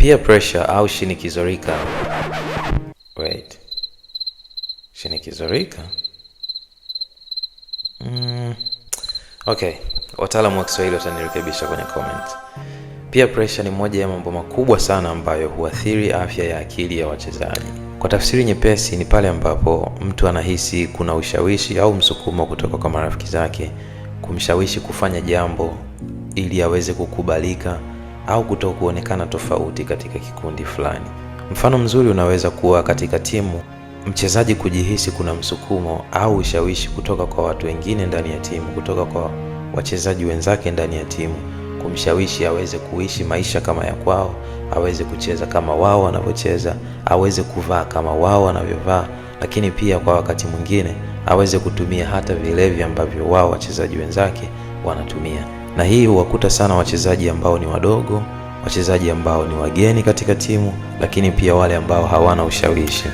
Peer pressure au shinikizo rika. Wait. Shinikizo rika? Mm. Okay, wataalamu wa Kiswahili watanirekebisha kwenye comment. Peer pressure ni moja ya mambo makubwa sana ambayo huathiri afya ya akili ya wachezaji. Kwa tafsiri nyepesi, ni pale ambapo mtu anahisi kuna ushawishi au msukumo kutoka kwa marafiki zake kumshawishi kufanya jambo ili aweze kukubalika au kutokuonekana tofauti katika kikundi fulani. Mfano mzuri unaweza kuwa katika timu, mchezaji kujihisi kuna msukumo au ushawishi kutoka kwa watu wengine ndani ya timu, kutoka kwa wachezaji wenzake ndani ya timu, kumshawishi aweze kuishi maisha kama ya kwao, aweze kucheza kama wao wanavyocheza, aweze kuvaa kama wao wanavyovaa, lakini pia kwa wakati mwingine aweze kutumia hata vilevi ambavyo wao wachezaji wenzake wanatumia na hii huwakuta sana wachezaji ambao ni wadogo, wachezaji ambao ni wageni katika timu, lakini pia wale ambao hawana ushawishi.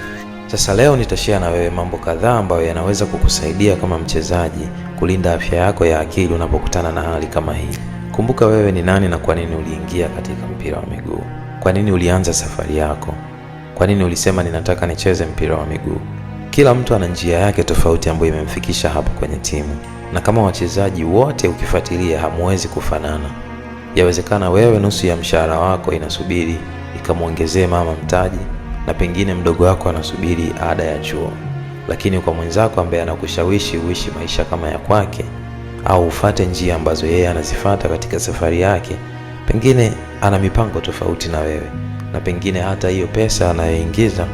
Sasa leo nitashare na wewe mambo kadhaa ambayo yanaweza kukusaidia kama mchezaji kulinda afya yako ya akili unapokutana na hali kama hii. Kumbuka wewe ni nani na kwa nini uliingia katika mpira wa miguu. Kwa nini ulianza safari yako? Kwa nini ulisema ninataka nicheze mpira wa miguu? Kila mtu ana njia yake tofauti ambayo imemfikisha hapo kwenye timu na kama wachezaji wote ukifuatilia, hamuwezi kufanana. Yawezekana wewe nusu ya mshahara wako inasubiri ikamwongezee mama mtaji, na pengine mdogo wako anasubiri ada ya chuo, lakini kwa mwenzako ambaye anakushawishi uishi maisha kama ya kwake au ufate njia ambazo yeye anazifata katika safari yake, pengine ana mipango tofauti na wewe, na pengine hata hiyo pesa anayoingiza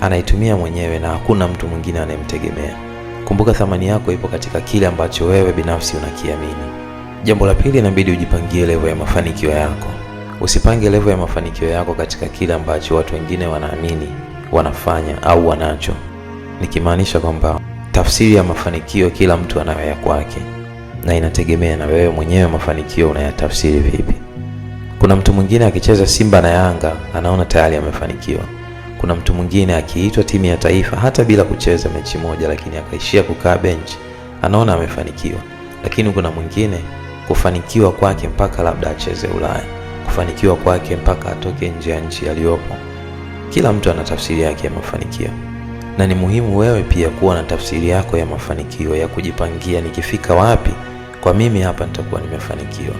anaitumia mwenyewe na hakuna mtu mwingine anayemtegemea. Kumbuka thamani yako ipo katika kile ambacho wewe binafsi unakiamini. Jambo la pili, inabidi ujipangie levo ya mafanikio yako. Usipange levo ya mafanikio yako katika kile ambacho watu wengine wanaamini, wanafanya au wanacho, nikimaanisha kwamba tafsiri ya mafanikio kila mtu anayo ya kwake, na inategemea na wewe mwenyewe mafanikio unayatafsiri vipi. Kuna mtu mwingine akicheza Simba na Yanga anaona tayari amefanikiwa ya kuna mtu mwingine akiitwa timu ya taifa hata bila kucheza mechi moja, lakini akaishia kukaa benchi, anaona amefanikiwa. Lakini kuna mwingine kufanikiwa kwake mpaka labda acheze Ulaya, kufanikiwa kwake mpaka atoke nje ya nchi aliyopo. Kila mtu ana tafsiri yake ya mafanikio, na ni muhimu wewe pia kuwa na tafsiri yako ya mafanikio, ya kujipangia, nikifika wapi kwa mimi hapa nitakuwa nimefanikiwa,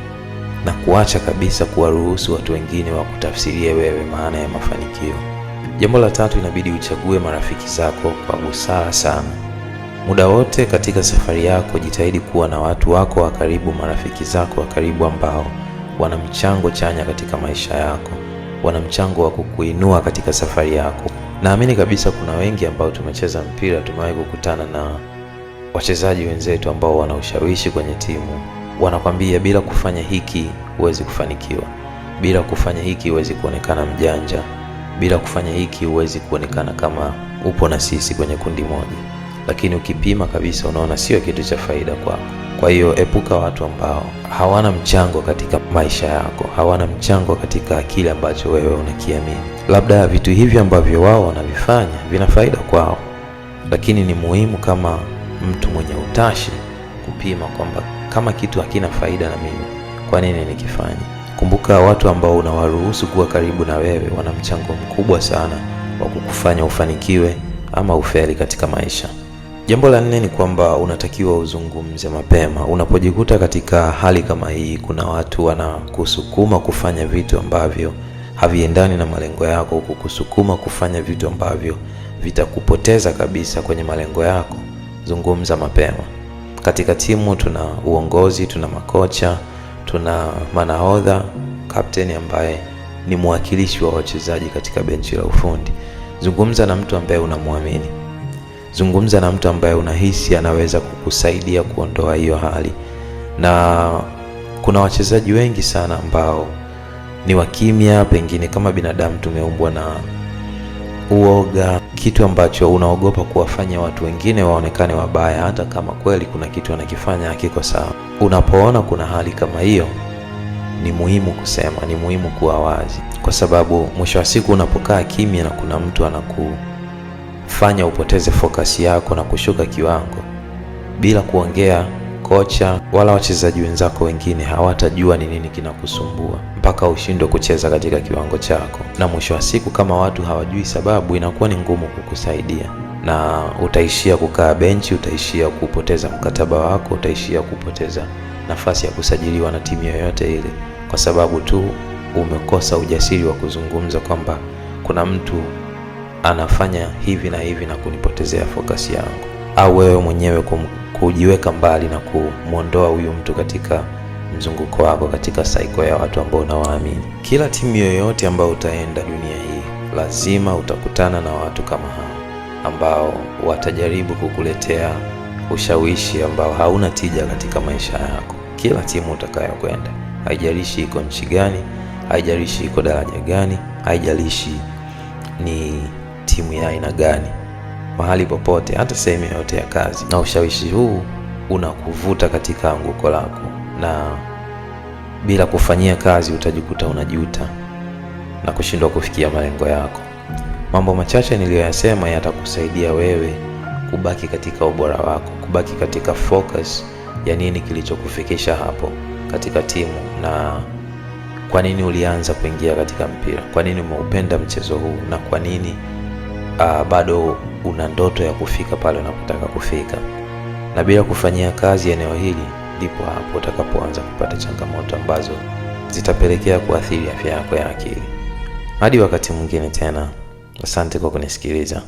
na kuacha kabisa kuwaruhusu watu wengine wakutafsirie wewe maana ya mafanikio. Jambo la tatu, inabidi uchague marafiki zako kwa busara sana. Muda wote katika safari yako, jitahidi kuwa na watu wako wa karibu, marafiki zako wa karibu ambao wana mchango chanya katika maisha yako, wana mchango wa kukuinua katika safari yako. Naamini kabisa kuna wengi ambao tumecheza mpira, tumewahi kukutana na wachezaji wenzetu ambao wana ushawishi kwenye timu, wanakwambia bila kufanya hiki huwezi kufanikiwa, bila kufanya hiki huwezi kuonekana mjanja bila kufanya hiki huwezi kuonekana kama upo na sisi kwenye kundi moja, lakini ukipima kabisa, unaona sio kitu cha faida kwako. Kwa hiyo epuka watu ambao hawana mchango katika maisha yako, hawana mchango katika kile ambacho wewe unakiamini. Labda vitu hivyo ambavyo wao wanavifanya vina faida kwao, lakini ni muhimu kama mtu mwenye utashi kupima kwamba kama kitu hakina faida na mimi, kwa nini nikifanya? Kumbuka, watu ambao unawaruhusu kuwa karibu na wewe wana mchango mkubwa sana wa kukufanya ufanikiwe ama ufeli katika maisha. Jambo la nne ni kwamba unatakiwa uzungumze mapema. Unapojikuta katika hali kama hii, kuna watu wanakusukuma kufanya vitu ambavyo haviendani na malengo yako, kukusukuma kufanya vitu ambavyo vitakupoteza kabisa kwenye malengo yako. Zungumza mapema. Katika timu tuna uongozi, tuna makocha tuna manahodha, kapteni ambaye ni mwakilishi wa wachezaji katika benchi la ufundi. Zungumza na mtu ambaye unamwamini, zungumza na mtu ambaye unahisi anaweza kukusaidia kuondoa hiyo hali, na kuna wachezaji wengi sana ambao ni wakimya, pengine kama binadamu tumeumbwa na uoga kitu ambacho unaogopa kuwafanya watu wengine waonekane wabaya, hata kama kweli kuna kitu anakifanya hakiko sawa. Unapoona kuna hali kama hiyo, ni muhimu kusema, ni muhimu kuwa wazi, kwa sababu mwisho wa siku unapokaa kimya na kuna mtu anakufanya upoteze fokasi yako na kushuka kiwango bila kuongea kocha wala wachezaji wenzako wengine hawatajua ni nini kinakusumbua mpaka ushindwe kucheza katika kiwango chako, na mwisho wa siku, kama watu hawajui sababu, inakuwa ni ngumu kukusaidia na utaishia kukaa benchi, utaishia kupoteza mkataba wako, utaishia kupoteza nafasi ya kusajiliwa na timu yoyote ile, kwa sababu tu umekosa ujasiri wa kuzungumza kwamba kuna mtu anafanya hivi na hivi na kunipotezea fokasi yangu, au wewe mwenyewe kum kujiweka mbali na kumwondoa huyu mtu katika mzunguko wako, katika saiko ya watu ambao unawaamini. Kila timu yoyote ambayo utaenda dunia hii, lazima utakutana na watu kama hao ambao watajaribu kukuletea ushawishi ambao hauna tija katika maisha yako. Kila timu utakayokwenda, haijalishi iko nchi gani, haijalishi iko daraja gani, haijalishi ni timu ya aina gani, mahali popote, hata sehemu yoyote ya kazi, na ushawishi huu unakuvuta katika anguko lako, na bila kufanyia kazi utajikuta unajuta na kushindwa kufikia malengo yako. Mambo machache niliyoyasema yatakusaidia wewe kubaki katika ubora wako, kubaki katika focus ya nini kilichokufikisha hapo katika timu na kwa nini ulianza kuingia katika mpira, kwa nini umeupenda mchezo huu na kwa nini uh, bado una ndoto ya kufika pale unapotaka kufika, na bila kufanyia kazi eneo hili, ndipo hapo utakapoanza kupata changamoto ambazo zitapelekea kuathiri afya yako ya akili. Hadi wakati mwingine tena, asante kwa kunisikiliza.